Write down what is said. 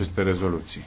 aceste rezoluții.